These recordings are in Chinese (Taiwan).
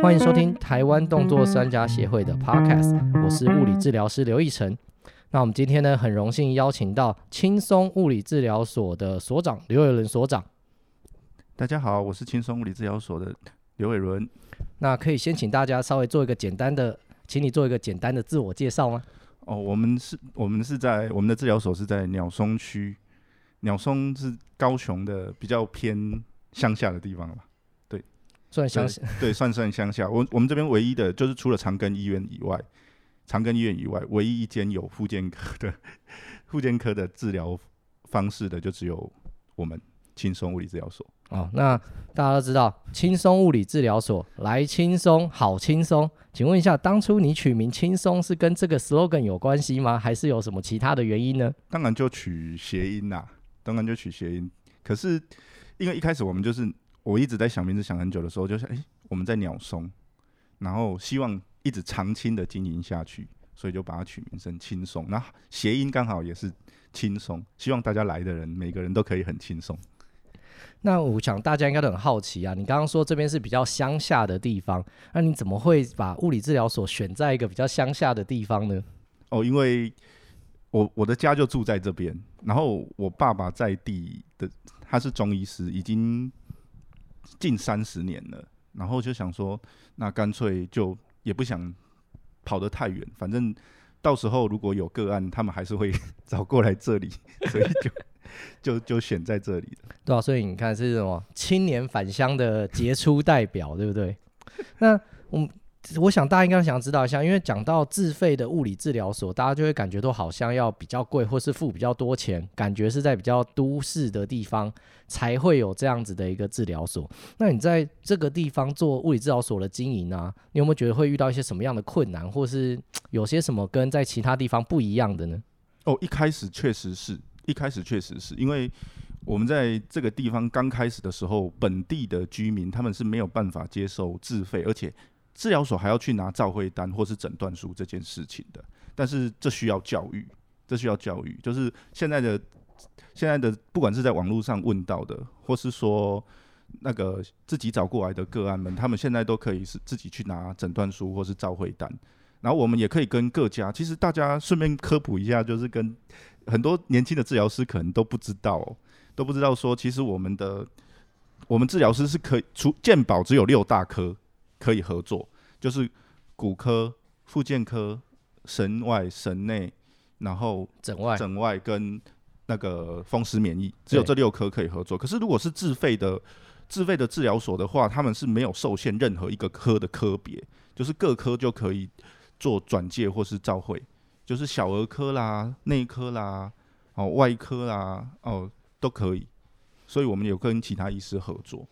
歡迎收聽台灣動作專家協會的 Podcast，我是物理治療師劉義成。那我們今天呢，很榮幸邀請到青松物理治療所的所長劉韋綸所長。大家好，我是青松物理治療所的劉韋綸。那可以先請大家稍微做一個簡單的，請你做一個簡單的自我介紹嗎？哦，我們是，我們是在我們的治療所是在鳥松區，鳥松是高雄的比較偏鄉下的地方吧。算鄉下，對，算算鄉下。我我們這邊唯一的就是除了長庚醫院以外，長庚醫院以外，唯一一間有復健科的、復健科的治療方式的，就只有我們青松物理治療所。哦、那大家都知道青松物理治療所，來青松，好輕鬆。請問一下，當初你取名“青松”是跟這個 slogan 有關係嗎？還是有什麼其他的原因呢？當然就取諧音啦、啊，當然就取諧音。可是因為一開始我們就是。我一直在想名字，想很久的時候，就是哎、欸，我們在鳥松，然後希望一直長青的經營下去，所以就把它取名成青松。那諧音剛好也是輕鬆，希望大家來的人每個人都可以很輕鬆。那我想大家應該都很好奇啊，你剛剛說這邊是比較鄉下的地方，那你怎麼會把物理治療所選在一個比較鄉下的地方呢？哦，因為我我的家就住在這邊，然後我爸爸在地的，他是中醫師，已經。近三十年了，然後就想說，那乾脆就也不想跑得太遠，反正到時候如果有個案，他們還是會找過來這裡，所以就 就就選在這裡了。對啊，所以你看是什麼青年返鄉的傑出代表， 對不對？那我們。我想大家應該想要知道一下，因為講到自費的物理治療所，大家就會感覺都好像要比較貴，或是付比較多錢，感覺是在比較都市的地方才會有這樣子的一個治療所。那你在這個地方做物理治療所的經營啊，你有沒有覺得會遇到一些什麼樣的困難，或是有些什麼跟在其他地方不一樣的呢？哦，一開始確實是，一開始確實是，因為我們在這個地方剛開始的時候，本地的居民他們是沒有辦法接受自費，而且。治療所還要去拿照會單或是診斷書這件事情的，但是這需要教育，這需要教育。就是現在的現在的不管是在網絡上問到的，或是說那個自己找過來的個案們，他們現在都可以是自己去拿診斷書或是照會單。然後我們也可以跟各家，其實大家順便科普一下，就是跟很多年輕的治療師可能都不知道、哦，都不知道說，其實我們的我們治療師是可以除健保只有六大科，可以合作，就是骨科、復健科、神外、神內，然後診外、診外跟那個風濕免疫，只有這六科可以合作。對可是如果是自費的、自費的治療所的話，他們是沒有受限任何一個科的科別，就是各科就可以做轉介或是照會，就是小兒科啦、內科啦、哦外科啦、哦都可以，所以我們有跟其他醫師合作。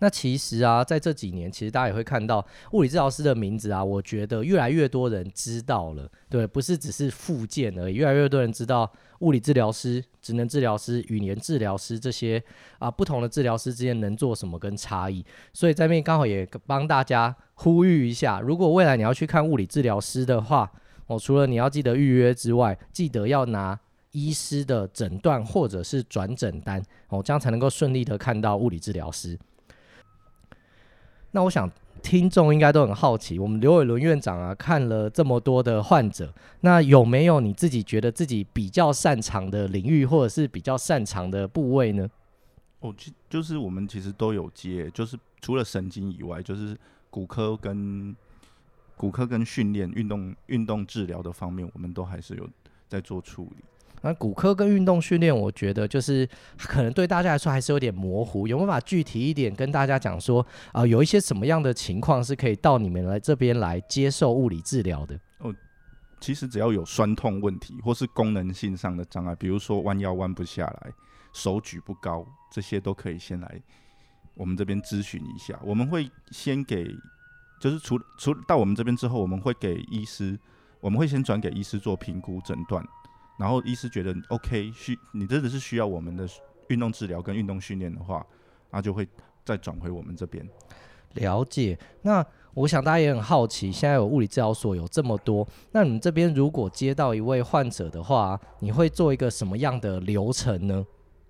那其實啊，在這幾年，其實大家也會看到物理治療師的名字啊，我覺得越來越多人知道了，對，不是只是復健而已，越來越多人知道物理治療師、職能治療師、語言治療師這些啊，不同的治療師之間能做什麼跟差異。所以在這邊剛好也幫大家呼籲一下，如果未來你要去看物理治療師的話，哦，除了你要記得預約之外，記得要拿醫師的診斷或者是轉診單，哦，這樣才能夠順利的看到物理治療師。那我想，聽眾應該都很好奇，我們劉韋綸院長啊，看了這麼多的患者，那有沒有你自己覺得自己比較擅長的領域，或者是比較擅長的部位呢？哦，就就是我們其實都有接，就是除了神經以外，就是骨科跟骨科跟訓練、運動、運動治療的方面，我們都還是有在做處理。那骨科跟運動訓練，我覺得就是可能對大家來說還是有點模糊，有沒有辦法具體一點跟大家講說啊，呃，有一些什麼樣的情況是可以到你們來這邊來接受物理治療的？哦，其實只要有痠痛問題，或是功能性上的障礙，比如說彎腰彎不下來、手舉不高，這些都可以先來我們這邊諮詢一下。我們會先給，就是除、除、除到我們這邊之後，我們會給醫師，我們會先轉給醫師做評估診斷。然後醫師覺得 OK，需你真的是需要我們的運動治療跟運動訓練的話，那就會再轉回我們這邊。了解。那我想大家也很好奇，現在有物理治療所有這麼多，那你這邊如果接到一位患者的話，你會做一個什麼樣的流程呢？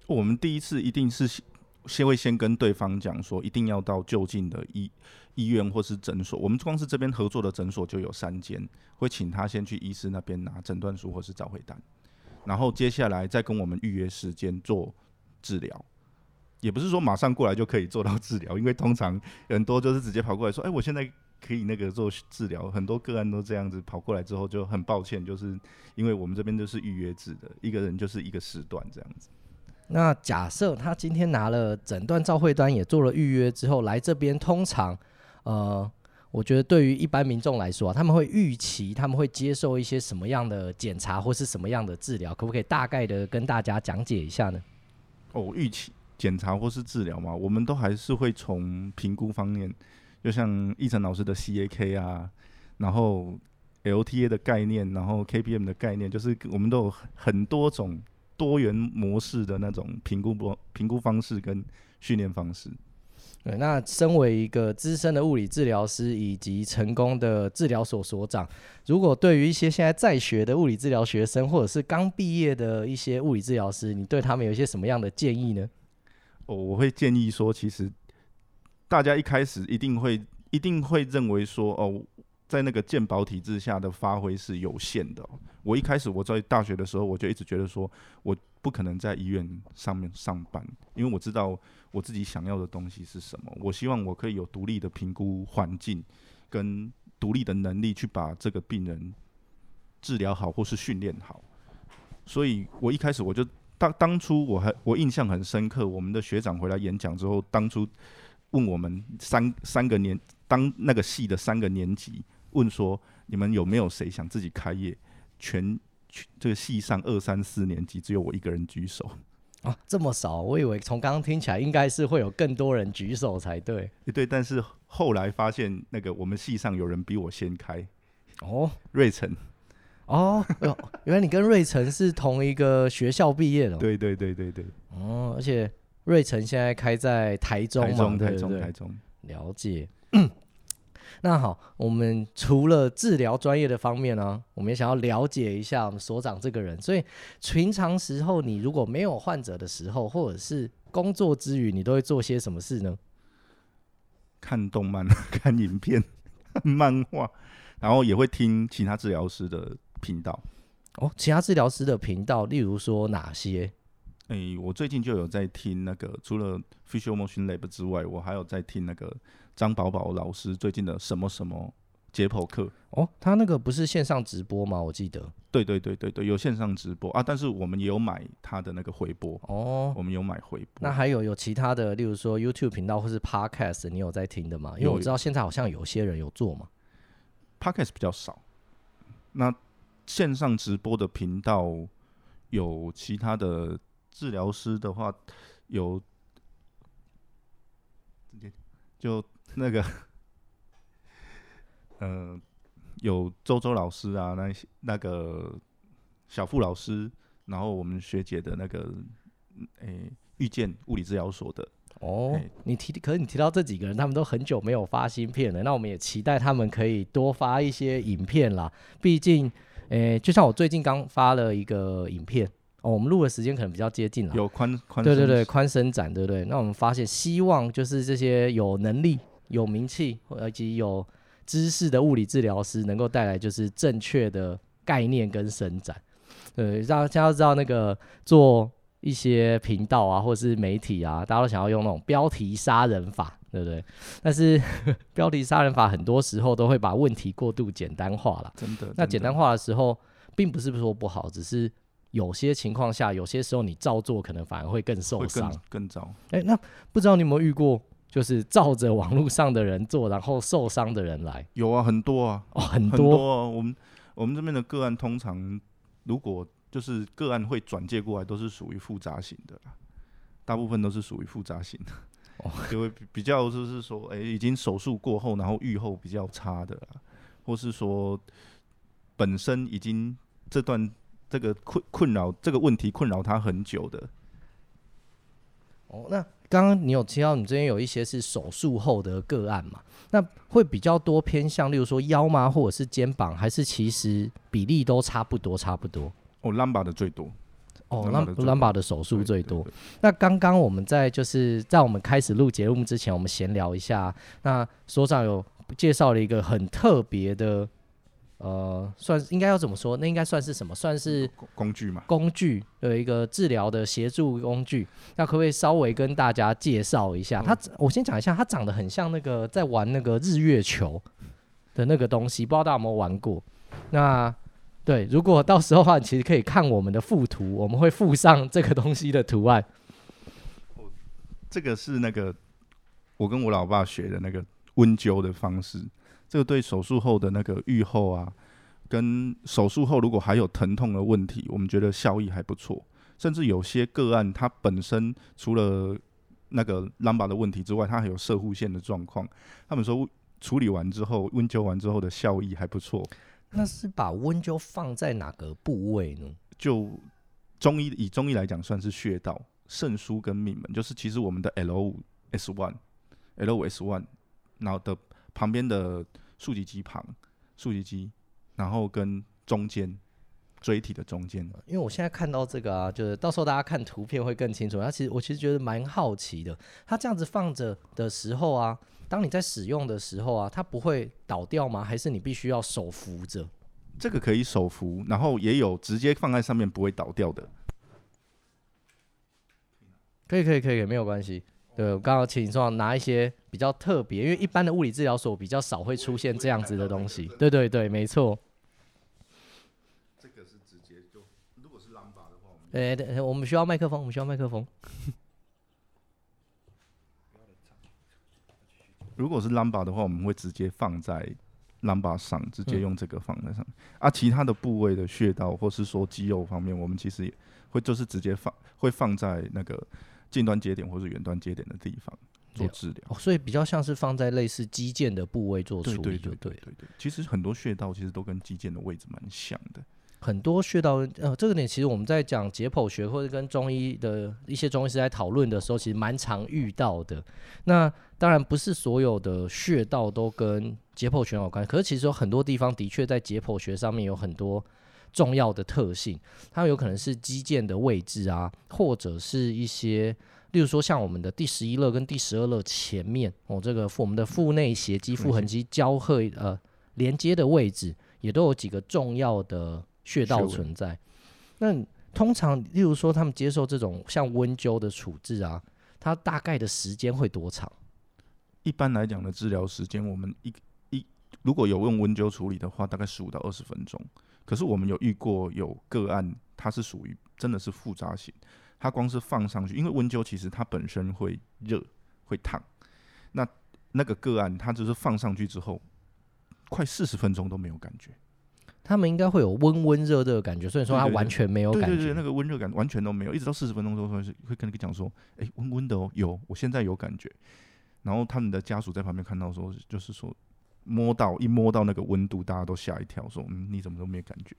我們第一次一定是先，先會先跟對方講說，一定要到就近的醫醫院或是診所。我們光是這邊合作的診所就有三間，會請他先去醫師那邊拿診斷書或是照會單。然後接下來再跟我們預約時間做治療，也不是說馬上過來就可以做到治療，因為通常很多就是直接跑過來說，哎，我現在可以那個做治療，很多個案都這樣子跑過來之後就很抱歉，就是因為我們這邊就是預約制的，一個人就是一個時段這樣子。那假設他今天拿了診斷照會單，也做了預約之後來這邊，通常呃。我覺得對於一般民眾來說啊，他們會預期他們會接受一些什麼樣的檢查或是什麼樣的治療，可不可以大概的跟大家講解一下呢？哦，預期檢查或是治療嘛，我們都還是會從評估方面，就像易晨老師的 C A K 啊，然後 L T A 的概念，然後 K P M 的概念，就是我們都有很多種多元模式的那種評估不評估方式跟訓練方式。對，那身為一個資深的物理治療師以及成功的治療所所長，如果對於一些現在在學的物理治療學生，或者是剛畢業的一些物理治療師，你對他們有一些什麼樣的建議呢？哦，我會建議說，其實大家一開始一定會一定會認為說，哦，在那個健保體制下的發揮是有限的哦。我一開始我在大學的時候，我就一直覺得說，我不可能在醫院上面上班，因為我知道。我自己想要的東西是什麼？我希望我可以有獨立的評估環境，跟獨立的能力去把這個病人治療好，或是訓練好。所以，我一開始我就當當初我還我印象很深刻，我們的學長回來演講之後，當初問我們三三個年當那個系的三個年級問說，你們有沒有誰想自己開業？全全這個系上二三四年級，只有我一個人舉手。啊，這麼少，我以為從剛剛聽起來應該是會有更多人舉手才對。對，但是後來發現那個我們系上有人比我先開，哦，瑞成晨，哦，喲，原來你跟瑞成是同一個學校畢業的、哦， 對,對對對對對。哦，而且瑞成現在開在台中嘛，台中對對台中,台中。了解。 那好，我們除了治療專業的方面呢、啊，我們也想要了解一下我們所長這個人。所以，平常時候你如果沒有患者的時候，或者是工作之餘，你都會做些什麼事呢？看動漫、看影片、看漫畫，然後也會聽其他治療師的頻道。哦，其他治療師的頻道，例如說哪些？誒、欸，我最近就有在聽那個，除了 Physio Motion Lab 之外，我還有在聽那個。張寶寶老師最近的什麼什麼解剖課？哦，他那個不是線上直播嗎？我記得。對對對對對，有線上直播啊，但是我們也有買他的那個回播哦，我們有買回播。那還有有其他的，例如說 YouTube 頻道或是 Podcast，你有在聽的嗎？因為我知道現在好像有些人有做嘛。嗯，Podcast 比較少。那線上直播的頻道有其他的治療師的話，有就。那個，嗯、呃，有周周老師啊，那些那個小付老師，然後我們學姐的那個，誒、欸，遇見物理治療所的。哦，欸、你提，可是你提到這幾個人，他們都很久沒有發新片了。那我們也期待他們可以多發一些影片啦。畢竟，哎、欸，就像我最近剛發了一個影片，哦、我們錄的時間可能比較接近了。有寬寬，對對對，寬伸展，對不對？那我們發現，希望就是這些有能力，有名氣以及有知識的物理治療師，能夠帶來就是正確的概念跟伸展，對，讓大家都知道那個做一些頻道啊，或者是媒體啊，大家都想要用那種標題殺人法，對不對，對？但是呵呵標題殺人法很多時候都會把問題過度簡單化了，真的。那簡單化的時候，並不是說不好，只是有些情況下，有些時候你照做，可能反而會更受傷，更糟。哎、欸，那不知道你有沒有遇過？就是照着網絡上的人做，然後受傷的人來有啊，很多啊，哦、很多。很多啊、我們我們這邊的個案，通常如果就是個案會轉介過來，都是屬於複雜型的大部分都是屬於複雜型的，哦，因為比較就是說，哎、欸，已經手術過後，然後癒後比較差的，或是說本身已經這段這個困困擾這個問題困擾他很久的。哦，那。剛剛你有提到你這邊有一些是手術後的個案嘛？那會比較多偏向，例如說腰嗎，或者是肩膀，還是其實比例都差不多？差不多。哦，lumbar 的最多。哦，lumbar 的、的手術最多。對對對。那剛剛我們在就是在我們開始錄節目之前，我們閒聊一下。那所長有介紹了一個很特別的。呃，算，應該要怎麼說？那應該算是什麼？算是工具嘛？工具的一個治療的協助工具。那可不可以稍微跟大家介紹一下？他、嗯、我先講一下，它長得很像那個在玩那個日月球的那個東西，不知道大家有沒有玩過？那對，如果到時候的話，其實可以看我們的附圖，我們會附上這個東西的圖案。哦、這個是那個我跟我老爸學的那個溫灸的方式。這個對手術後的那個預後啊，跟手術後如果還有疼痛的問題，我們覺得效益還不錯。甚至有些個案，他本身除了那個 Lumbar 的問題之外，他還有攝護腺的狀況。他們說處理完之後，溫灸完之後的效益還不錯。那是把溫灸放在哪個部位呢？嗯、就中醫以中醫來講，算是穴道腎腧跟命門，就是其實我們的 L 五 S one L 五 S one，然後的。旁邊的豎脊肌旁豎脊肌，然後跟中間椎體的中間。因為我現在看到這個啊，就是到時候大家看圖片會更清楚。它其實我其實覺得蠻好奇的，它這樣子放着的時候啊，當你在使用的時候啊，它不會倒掉嗎？還是你必須要手扶着？這個可以手扶，然後也有直接放在上面不會倒掉的。可以，可以可以可以，沒有關係。對，我剛好請你說拿一些比較特別，因為一般的物理治療所比較少會出現這樣子的東西。對對對，沒錯。這個是直接就，如果是 lambda 的話，我們哎對，我們需要麥克風，我們需要麥克風。如果是 number 的話，我們會直接放在 number 上，直接用這個放在上面。嗯、啊，其他的部位的穴道或是說肌肉方面，我們其實也會就是直接放，會放在那個。近端節點或者遠端節點的地方做治療，Yeah. Oh, 所以比較像是放在類似肌腱的部位做處理對。對對對，對，對其實很多穴道其實都跟肌腱的位置蠻像的。很多穴道呃，這個點其實我們在講解剖學或者跟中醫的一些中醫師在討論的時候，其實蠻常遇到的。那當然不是所有的穴道都跟解剖學有關，可是其實有很多地方的確在解剖學上面有很多。重要的特性，它有可能是肌腱的位置啊，或者是一些，例如說像我們的第十一肋跟第十二肋前面，哦，這個我們的腹內斜肌、腹橫肌交合呃連接的位置，也都有幾個重要的穴道存在。紋那通常，例如說他們接受這種像溫灸的處置啊，它大概的時間會多長？一般來講的治療時間，我們一一如果有用溫灸處理的話，大概十五到二十分鐘。可是我們有遇過有個案，它是屬於真的是複雜型，它光是放上去，因為溫灸其實它本身會熱會燙，那那個個案它就是放上去之後，快四十分鐘都沒有感覺。他們應該會有溫溫熱熱的感覺，所以說它完全沒有感覺。對對對，那個溫熱感完全都沒有，一直到四十分鐘之後是會跟你講說，哎、欸，溫溫的哦，有，我現在有感覺。然後他們的家屬在旁邊看到說，就是說。摸到一摸到那個溫度，大家都嚇一跳，說你，你怎麼都沒感覺？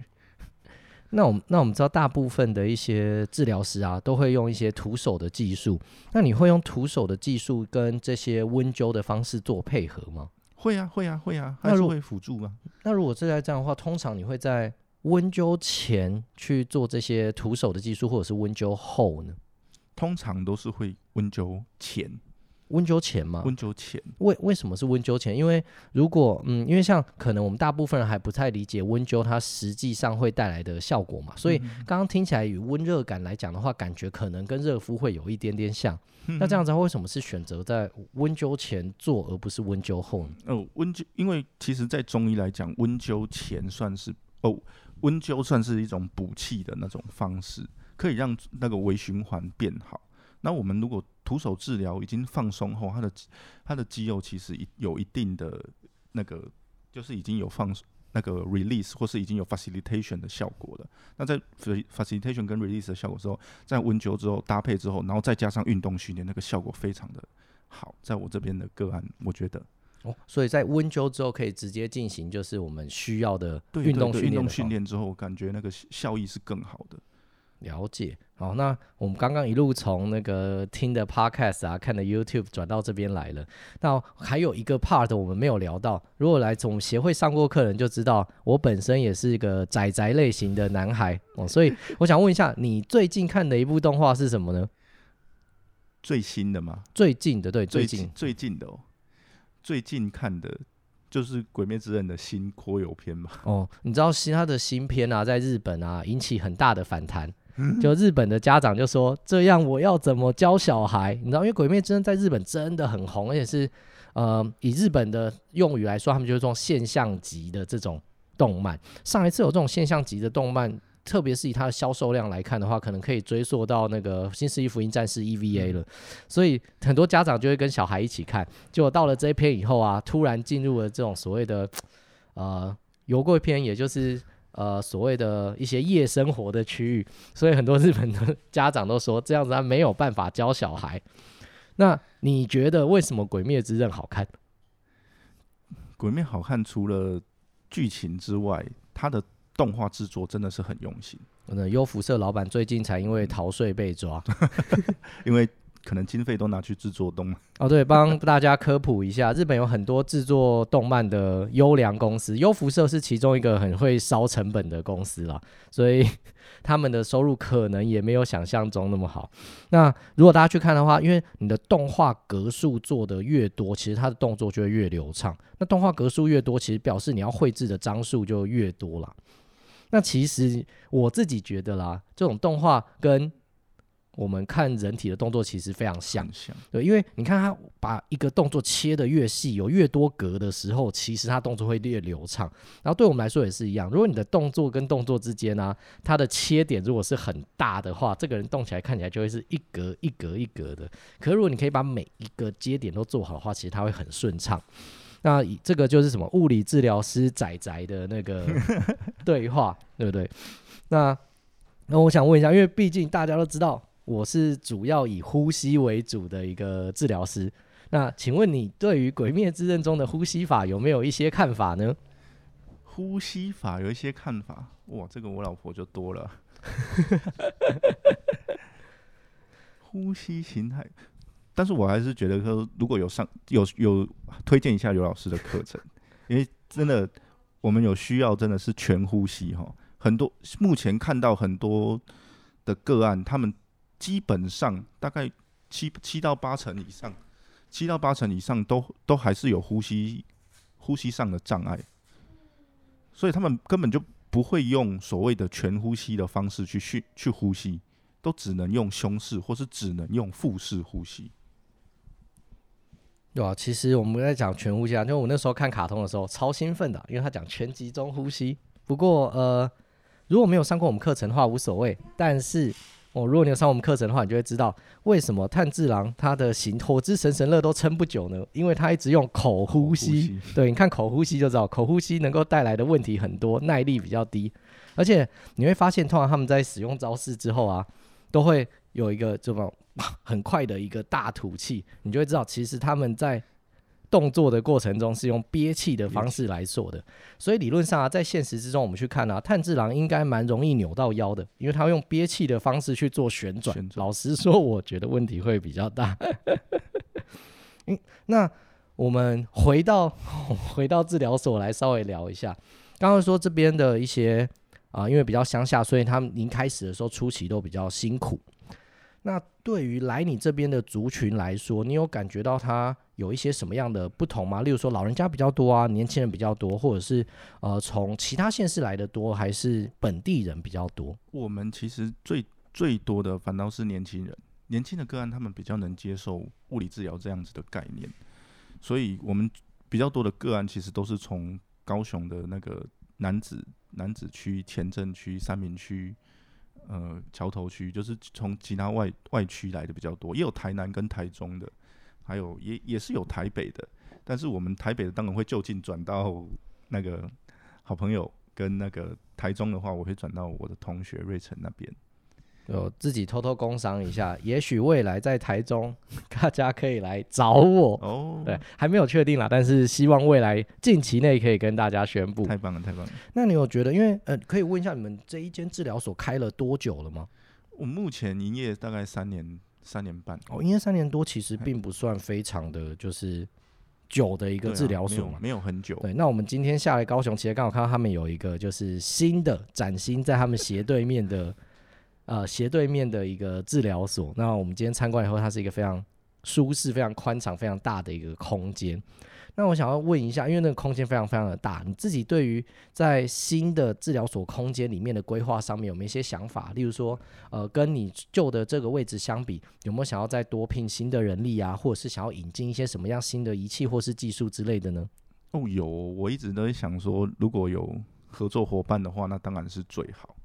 那我們那我們知道，大部分的一些治療師啊，都會用一些徒手的技術。那你會用徒手的技術跟這些溫灸的方式做配合嗎？會啊，會啊，會啊。那如果還是會輔助嗎？那如果是在這樣的話，通常你會在溫灸前去做這些徒手的技術，或者是溫灸後呢？通常都是會溫灸前。溫灸前嗎，溫灸前為為什麼是溫灸前？因為如果嗯，因為像可能我們大部分人還不太理解溫灸它實際上會帶來的效果嘛，所以剛剛聽起來與溫熱感來講的話，嗯嗯，感覺可能跟熱敷會有一點點像。嗯嗯，那這樣子為什麼是選擇在溫灸前做，而不是溫灸後呢？哦，溫灸因為其實，在中醫來講，溫灸前算是哦，溫灸算是一種補氣的那種方式，可以讓那個微循環變好。那我們如果徒手治療已經放鬆後，他的他的肌肉其實一有一定的那個，就是已經有放那個 release 或是已經有 facilitation 的效果了。那在 facilitation 跟 release 的效果之後，在溫灸之後搭配之後，然後再加上運動訓練，那個效果非常的好。在我這邊的個案，我覺得哦，所以在溫灸之後可以直接進行就是我們需要的運動訓練，對對對，運動訓練之後我感覺那個效益是更好的。了解哦，那我們剛剛一路從那個聽的 podcast 啊，看的 YouTube 轉到這邊來了。那、哦、還有一個 part 我們沒有聊到，如果來從協會上過課的人就知道，我本身也是一個宅宅類型的男孩 哦，所以我想問一下，你最近看的一部動畫是什麼呢？最新的嗎？最近的對，最、最近最近的哦，最近看的，就是《鬼滅之刃》的新擴有片嘛。哦，你知道其他的新片啊，在日本啊引起很大的反彈。就日本的家長就說：“這樣我要怎麼教小孩？你知道，因為《鬼滅之刃》在日本真的很紅，而且是呃，以日本的用語來說，他們就是這種現象級的這種動漫。上一次有這種現象級的動漫，特別是以它的銷售量來看的話，可能可以追溯到那個《新世紀福音戰士》EVA 了。所以很多家長就會跟小孩一起看。結果到了這一篇以後啊，突然進入了這種所謂的呃，遊郭篇，也就是。”呃，所謂的一些夜生活的區域，所以很多日本的家長都說這樣子他沒有辦法教小孩。那你覺得為什麼《鬼滅之刃》好看？《鬼滅》好看，除了劇情之外，它的動畫製作真的是很用心。那優福社老闆最近才因為逃稅被抓， 因為。可能經費都拿去製作動漫哦。對，幫大家科普一下， 日本有很多製作動漫的優良公司，優輻社是其中一個很會燒成本的公司啦。所以他們的收入可能也沒有想象中那麼好。那如果大家去看的話，因為你的動畫格數做得越多，其實它的動作就會越流暢。那動畫格數越多，其實表示你要繪製的張數就越多啦。那其實我自己覺得啦，這種動畫跟我們看人體的動作其實非常像，像。對，因為你看他把一個動作切得越細，有越多格的時候，其實他動作會越流暢。然後對我們來說也是一樣，如果你的動作跟動作之間呢、啊，它的切點如果是很大的話，這個人動起來看起來就會是一格一格一格的。可是如果你可以把每一個接點都做好的話，其實他會很順暢。那這個就是什麼？物理治療師仔仔的那個對話， 對不對？那那我想問一下，因為畢竟大家都知道。我是主要以呼吸為主的一個治療師。那請問你對於《鬼滅之刃》中的呼吸法有沒有一些看法呢？呼吸法有一些看法，哇，這個我老婆就多了。 呼吸形態，但是我還是覺得說，如果有上有有推薦一下劉老師的課程， 因為真的我們有需要，真的是全呼吸哈。很多目前看到很多的個案，他們。基本上大概七七到八成以上，七到八成以上都都還是有呼吸呼吸上的障礙，所以他們根本就不會用所謂的全呼吸的方式去去去呼吸，都只能用胸式或是只能用腹式呼吸。對啊，其實我們在講全呼吸啊，因為我那時候看卡通的時候超興奮的，因為他講全集中呼吸。不過呃，如果沒有上過我們課程的話，無所謂，但是。哦，如果你有上我們課程的話，你就會知道為什麼炭治郎他的形火之神神樂都撐不久呢？因為他一直用口呼吸。呼吸對，你看口呼吸就知道，口呼吸能夠帶來的問題很多，耐力比較低，而且你會發現，通常他們在使用招式之後啊，都會有一個這麼很快的一個大吐氣，你就會知道其實他們在。動作的過程中是用憋氣的方式來做的，所以理論上啊，在現實之中我們去看啊，炭治郎應該蠻容易扭到腰的，因為他會用憋氣的方式去做旋轉。旋轉老實說，我覺得問題會比較大。 嗯，那我們回到回到治療所來稍微聊一下，剛剛說這邊的一些啊，因為比較鄉下，所以他們一開始的時候初期都比較辛苦。那對於來你這邊的族群來說，你有感覺到他有一些什麼樣的不同嗎？例如說老人家比較多啊，年輕人比較多，或者是呃從其他縣市來的多，還是本地人比較多？我們其實最最多的反倒是年輕人，年輕的個案他們比較能接受物理治療這樣子的概念，所以我們比較多的個案其實都是從高雄的那個楠梓、楠梓區、前鎮區、三民區。呃，橋頭區就是從其他外外區來的比較多，也有台南跟台中的，還有也也是有台北的。但是我們台北的當然會就近轉到那個好朋友跟那個台中的話，我會轉到我的同學瑞城那邊。有自己偷偷工商一下，也許未來在台中，大家可以來找我哦。Oh, 對，還沒有確定啦，但是希望未來近期內可以跟大家宣布。太棒了，太棒了。那你有覺得，因為呃，可以問一下你們這一間治療所開了多久了嗎？我目前營業大概三年、三年半哦，oh, 營業三年多，其實並不算非常的就是久的一個治療所。啊，沒有，沒有很久。對，那我們今天下來高雄，其實剛好看到他們有一個就是新的、嶄新在他們斜對面的。 呃，斜對面的一個治療所。那我們今天參觀以後，它是一個非常舒適、非常寬敞、非常大的一個空間。那我想要問一下，因為那個空間非常非常的大，你自己對於在新的治療所空間裡面的規劃上面有沒有一些想法？例如說，呃，跟你舊的這個位置相比，有沒有想要再多聘新的人力啊，或者是想要引進一些什麼樣新的儀器或是技術之類的呢？哦，有。我一直都在想說，如果有合作伙伴的話，那當然是最好。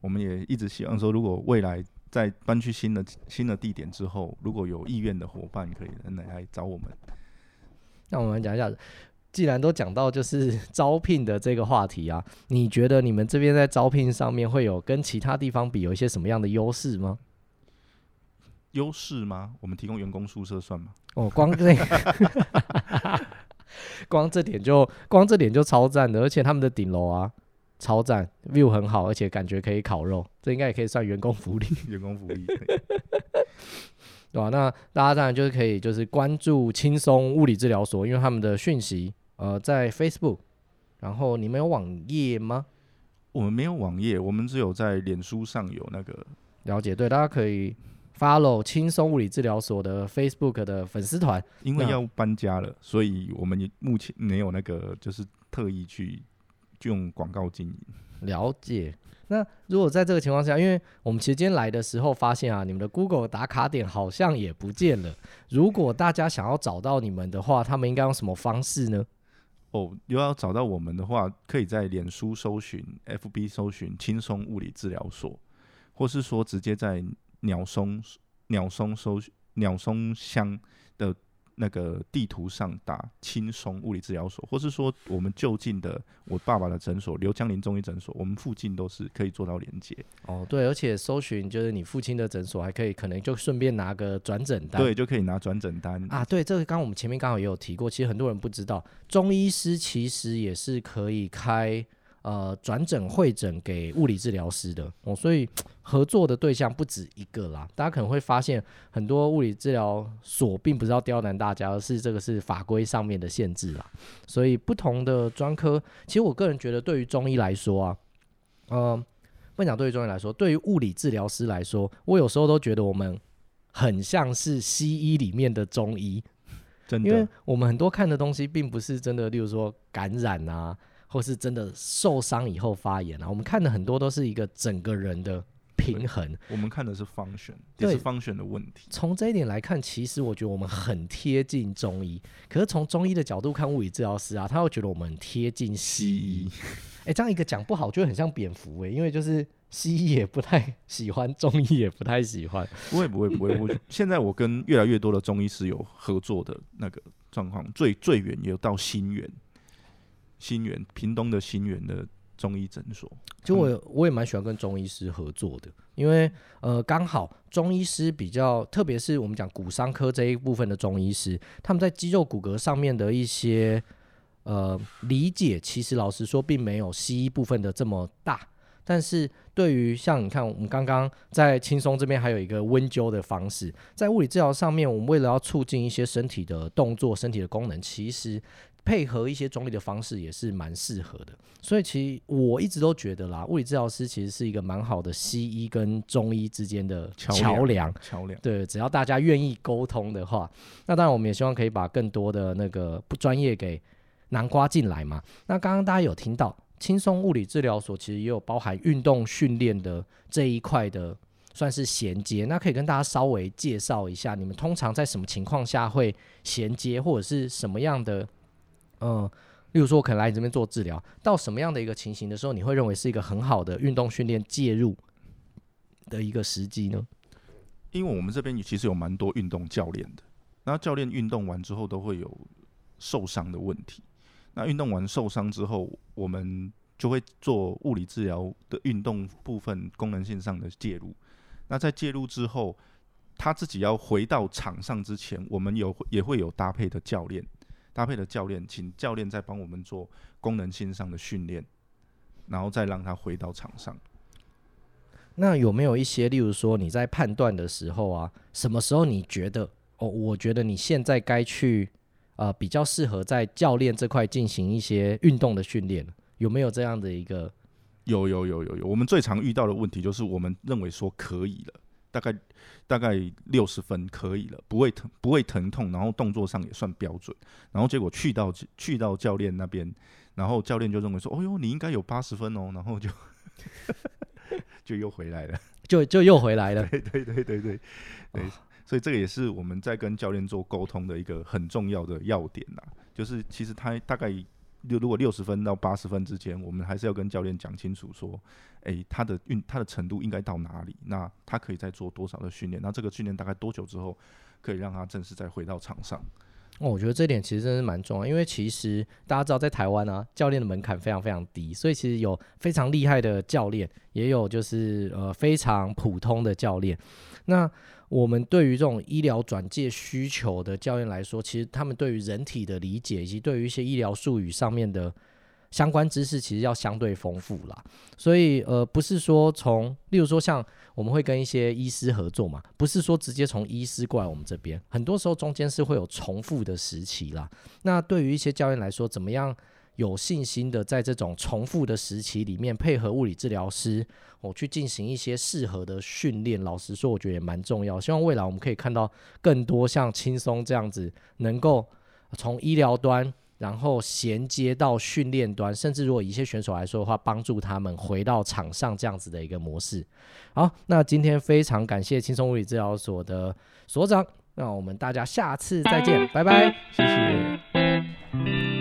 我們也一直希望說，如果未來在搬去新的新的地點之後，如果有意願的夥伴可以來來找我們。那我們講一下，既然都講到就是招聘的這個話題啊，你覺得你們這邊在招聘上面會有跟其他地方比有一些什麼樣的優勢嗎？優勢嗎？我們提供員工宿舍算嗎？哦，光這， 光這點就，光這點就超讚的，而且他們的頂樓啊。超讚，view 很好，而且感覺可以烤肉，這應該也可以算員工福利。員工福利， 對吧？那大家當然就是可以就是關注青松物理治療所，因為他們的訊息呃在 Facebook，然後你們有網頁嗎？我們沒有網頁，我們只有在臉書上有那個了解。對，大家可以 follow 青松物理治療所的 Facebook 的粉絲團。因為要搬家了，那所以我們也目前沒有那個就是特意去。就用廣告經營，了解。那如果在這個情況下，因為我們其實今天來的時候發現啊，你們的 Google 打卡點好像也不見了。如果大家想要找到你們的話，他們應該用什麼方式呢？哦，又要找到我們的話，可以在臉書搜尋 FB 搜尋青松物理治療所，或是說直接在鳥松鳥松搜鳥松鄉的。那個地圖上打青松物理治療所，或是說我們就近的我爸爸的診所劉江林中醫診所，我們附近都是可以做到連接。哦，對，而且搜尋就是你父親的診所，還可以可能就順便拿個轉診單，對，就可以拿轉診單啊。對，這個剛剛我們前面剛好也有提過，其實很多人不知道，中醫師其實也是可以開。呃，轉診會診給物理治療師的哦，所以合作的對象不止一個啦。大家可能會發現，很多物理治療所並不是要刁難大家，而是這個是法規上面的限制啦。所以不同的專科，其實我個人覺得，對於中醫來說啊，嗯、呃，不講對於中醫來說，對於物理治療師來說，我有時候都覺得我們很像是西醫裡面的中醫，真的，因為我們很多看的東西，並不是真的，例如說感染啊。或是真的受傷以後發炎啊，我們看的很多都是一個整個人的平衡。我們看的是 function，是 function 的問題。從這一點來看，其實我覺得我們很貼近中醫。可是從中醫的角度看，物理治療師啊，他會覺得我們貼近西醫。哎西、欸，這樣一個講不好，就很像蝙蝠哎、欸，因為就是西醫也不太喜歡，中醫也不太喜歡。不會不會不會， 我現在我跟越來越多的中醫師有合作的那個狀況，最最遠也有到新源，新源屏東的新源的中醫診所，就我我也蠻喜歡跟中醫師合作的，因為呃剛好中醫師比較，特別是我們講骨傷科這一部分的中醫師，他們在肌肉骨骼上面的一些呃理解，其實老實說並沒有西醫部分的這麼大，但是對於像你看我們剛剛在青松這邊還有一個溫灸的方式，在物理治療上面，我們為了要促進一些身體的動作、身體的功能，其實，配合一些中醫的方式也是蠻適合的，所以其實我一直都覺得啦，物理治療師其實是一個蠻好的西醫跟中醫之間的橋樑。橋樑。對，只要大家願意溝通的話，那當然我們也希望可以把更多的那個不專業給囊括進來嘛。那剛剛大家有聽到輕鬆物理治療所其實也有包含運動訓練的這一塊的算是銜接，那可以跟大家稍微介紹一下，你們通常在什麼情況下會銜接，或者是什麼樣的？嗯，例如說，我可能來你這邊做治療，到什麼樣的一個情形的時候，你會認為是一個很好的運動訓練介入的一個時機呢？因為我們這邊其實有蠻多運動教練的，那教練運動完之後都會有受傷的問題，那運動完受傷之後，我們就會做物理治療的運動部分功能性上的介入。那在介入之後，他自己要回到場上之前，我們有也會有搭配的教練。搭配的教練，請教練再幫我們做功能性上的訓練，然後再讓他回到場上。那有沒有一些，例如說你在判斷的時候啊，什麼時候你覺得哦，我覺得你現在該去啊，呃，比較適合在教練這塊進行一些運動的訓練，有沒有這樣的一個？有有有有有，我們最常遇到的問題就是我們認為說可以了。大概大概六十分可以了，不會疼不會疼痛，然後動作上也算標準，然後結果去到去到教練那邊，然後教練就認為說：“哦呦，你應該有八十分哦。”然後就 就又回來了，就就又回來了。對對對對對、哦、所以這個也是我們在跟教練做溝通的一個很重要的要點啦，就是其實他大概。如果六十分到八十分之間，我們還是要跟教練講清楚說，誒、欸，他的運他的程度應該到哪裡？那他可以再做多少的訓練？那這個訓練大概多久之後可以讓他正式再回到場上？哦，我覺得這點其實真是蠻重要，因為其實大家知道在台灣呢、啊，教練的門檻非常非常低，所以其實有非常厲害的教練，也有就是呃非常普通的教練。那我們對於這種醫療轉介需求的教練來說，其實他們對於人體的理解，以及對於一些醫療術語上面的相關知識，其實要相對豐富啦。所以，呃，不是說從，例如說像我們會跟一些醫師合作嘛，不是說直接從醫師過來我們這邊，很多時候中間是會有重複的時期啦。那對於一些教練來說，怎麼樣？有信心的，在這種重複的時期裡面，配合物理治療師，我、哦、去進行一些適合的訓練。老實說，我覺得也蠻重要。希望未來我們可以看到更多像青松這樣子，能夠從醫療端，然後銜接到訓練端，甚至如果一些選手來說的話，幫助他們回到場上這樣子的一個模式。好，那今天非常感謝青松物理治療所的所長。那我們大家下次再見，拜拜，謝謝。